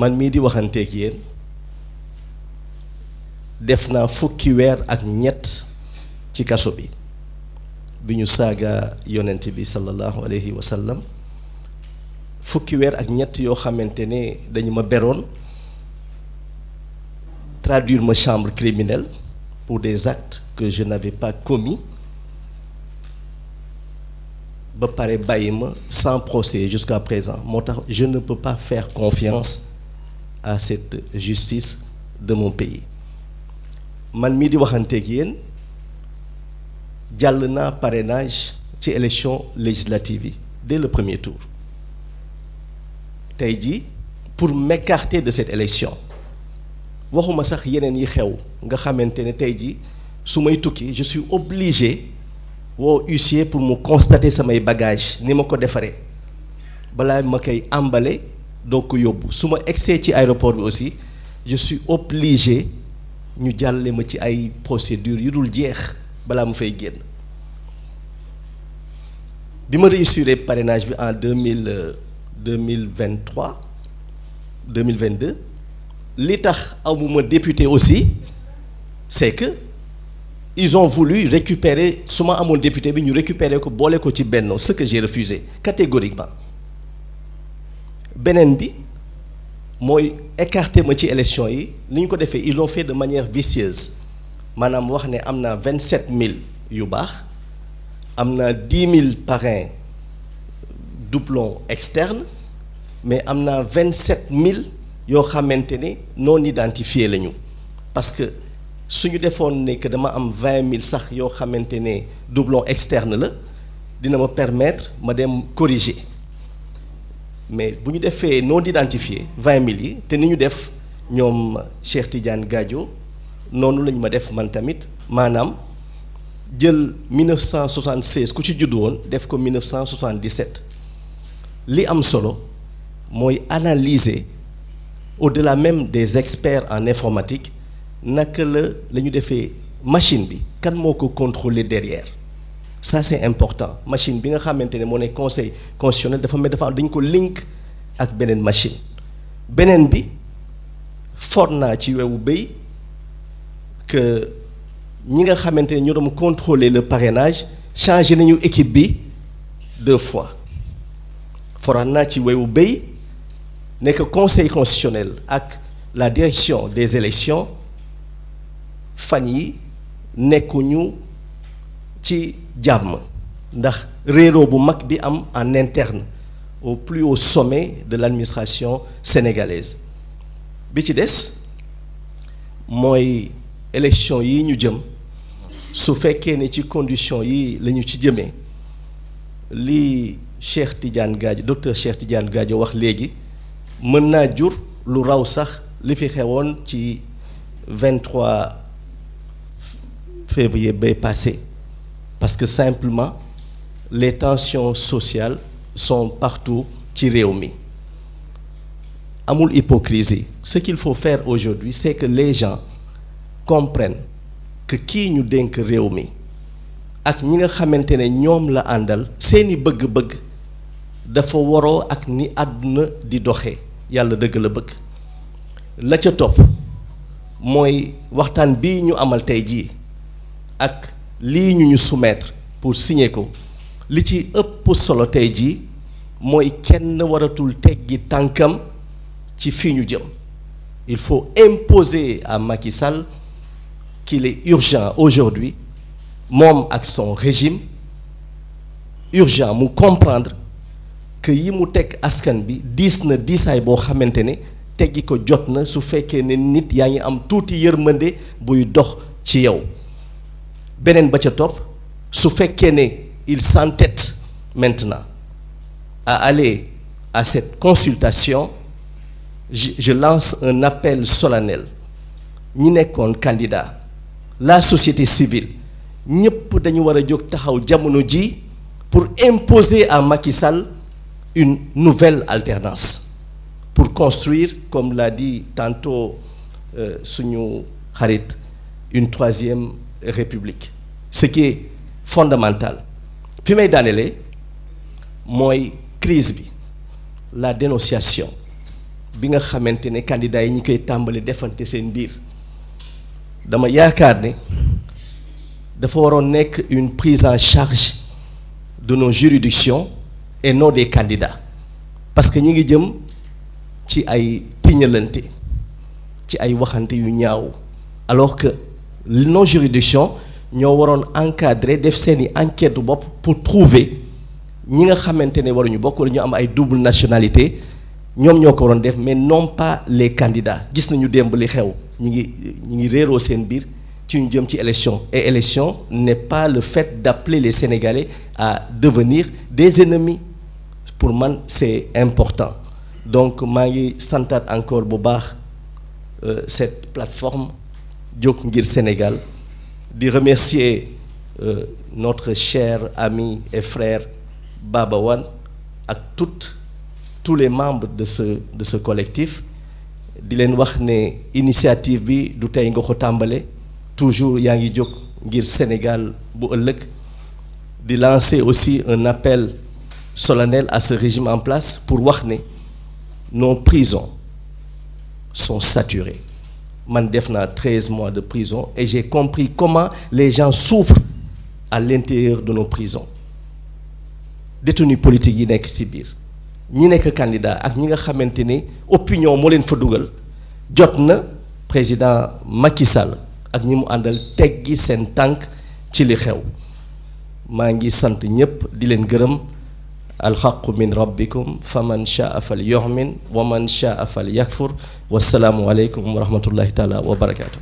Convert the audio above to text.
man mii di waxanteeg yéen def naa fukki weer ak ñett ci kaso bi bi ñu saaga yonent bi sallallahu alayhi wa fukki weer ak ñett yoo xamante ne dañu ma beroon traduire ma chambre criminelle pour des actes que je n'avais pas commis ba pare bàyyi ma sans procès jusqu'à présent moo tax je ne peux pas faire confiance à cette justice de mon pays man mii di waxanteeg yéen jàll naa parrainage ci élection législative yi dès le premier tour tey jii pour m'écarter de cette élection waxuma sax yeneen yi xew nga xamante ne tey jii su may tukki je suis obligé woo huissier pour mu constater samay bagage ni ma ko defaree balaa ma koy àmbale donc yóbbu su ma egsee ci aéroport bi aussi je suis obligé ñu jàlle ma ci ay procédures yu dul jeex balaa mu fay génn bi ma réussir parrainage bi en deux mille euh, deux mille vingt trois deux mille vingt deux li tax amuma député aussi c'est que ils ont voulu récupérer su ma amoon député bi ñu récupérer ko boole ko ci Benno ce que j'ai refusé catégoriquement beneen bi mooy écarté ma ci élection yi li ñu ko defee ils l'ont fait de manière vicieuse maanaam wax ne am naa vingt sept mille yu baax am na dix mille parrains doublons externes mais am na vingt sept mille yoo xamante ni non identifié lañu parce que suñu defoon nekk dama am vingt mille sax yoo xamante ne doublon externe la dina ma permettre ma dem corriger mais bu ñu defee non identifié vingt mille yi te ni ñu def ñoom Cheikh Tidiane Gadio noonu lañu ma def man tamit maanaam jël 1976 ku ci juddu woon def ko 1977 li am solo mooy analyser au-delà même des experts en informatique naka la la ñu defee machine bi kan moo ko contrôler derrière ça important machine bi nga xamante ne moo ne conseil constitutionnel dafa mel dafa ko link ak beneen machine beneen bi for naa ci wewu béy que ñi nga xamante ne ñoo doon contrôler le parrainage changé nañu équipe bi deux fois foraat naa ci wewu béy nekk que conseil constitutionnel ak la direction des élections fan yi nekkuñu ci jàmm ndax réeroo bu mag bi am en interne au plus haut sommet de l'administration sénégalaise bi ci des mooy élection yi ñu jëm su fekkee ne ci condition yi la ñu ci jëmee li Cheikh Tidiane Gadio docteur Cheikh Tidiane Gadio wax léegi mën naa jur lu raw sax li fi xewoon ci 23 février bay passé parce que simplement les tensions sociales sont partout ci réew mi amul hypocrisie ce qu'il faut faire aujourd'hui c'est que les gens compren que kii ñu dénk réew mi ak ñi nga xamante ne ñoom la àndal seeni bëgg-bëgg dafa waroo ak ni àdduna di doxe yàlla dëgg la bëgg la ca topp mooy waxtaan bii ñu amal tey jii ak lii ñu ñu soumettre pour signer ko li ci ëpp solo tey jii mooy kenn waratul teggi tànkam ci fii ñu jëm il faut imposer à Macky Sall qu'il est urgent aujourd'hui moom ak son régime urgent mu comprendre que yi mu teg askan bi diis na diisaay boo xamante ne teggi ko jot na su fekkee ne nit yaa ngi am tuuti yërmande buy dox ci yow beneen ba ca topp su fekkee ne il s'entête maintenant à aller à cette consultation je, je lance un appel solennel ñi nekkoon candidat la société civile ñépp dañu war a jóg taxaw jamono ji pour imposer à Macky Sall une nouvelle alternance pour construire comme l'a dit tantôt euh, suñu xarit une troisième république ce qui est fondamental fi may daanelee mooy crise bi la dénonciation bi nga xamante ne candidats yi ñu koy tàmbali defante seen biir dama yaakaar ne dafa waroon nekk une prise en charge de nos juridictions et non des candidats parce que ñi ngi jëm ci ay tiñalante ci ay waxante yu ñaaw alors que nos juridictions ñoo waroon encadrer def seeni enquête bopp pour trouver ñi nga xamante ne waruñu bokk wala ñu am ay double nationalité ñoom ñoo ko waroon def mais non pas les candidats gis nañu démb li xew ñi ngi ñi ngi réeroo seen biir ci ñu jëm ci élection et élection ne pas le fait d'appeler les Sénégalais à devenir des ennemis pour man c'est important donc maa ngi santaat encore bu baax euh, cette plateforme jóg ngir Sénégal di remercier euh, notre cher ami et frère Baba Wane ak toutes tous les membres de ce de ce collectif di leen wax ne initiative bi du tey nga ko tàmbale toujours yaa ngi jóg ngir Sénégal bu ëllëg di lancer aussi un appel solennel à ce régime en place pour wax ne nos prisons soo saturées man def naa treize mois de prison et j'ai compris comment les gens souffrent à l'intérieur de nos prisons détenus politiques yi nekk ci biir ñi nekk candidat ak ñi nga xamante ni opinion mu leen fa dugal jot na président Macky ak ñi mu àndal teggi seen tànk ci li xew maa ngi sant ñépp di leen gërëm alxaqu min rabbikum fa man shaa fal yu'min wa man shaa fal yakfur wasalaamu aleykum wa rahmatullahi taala wa barakaatu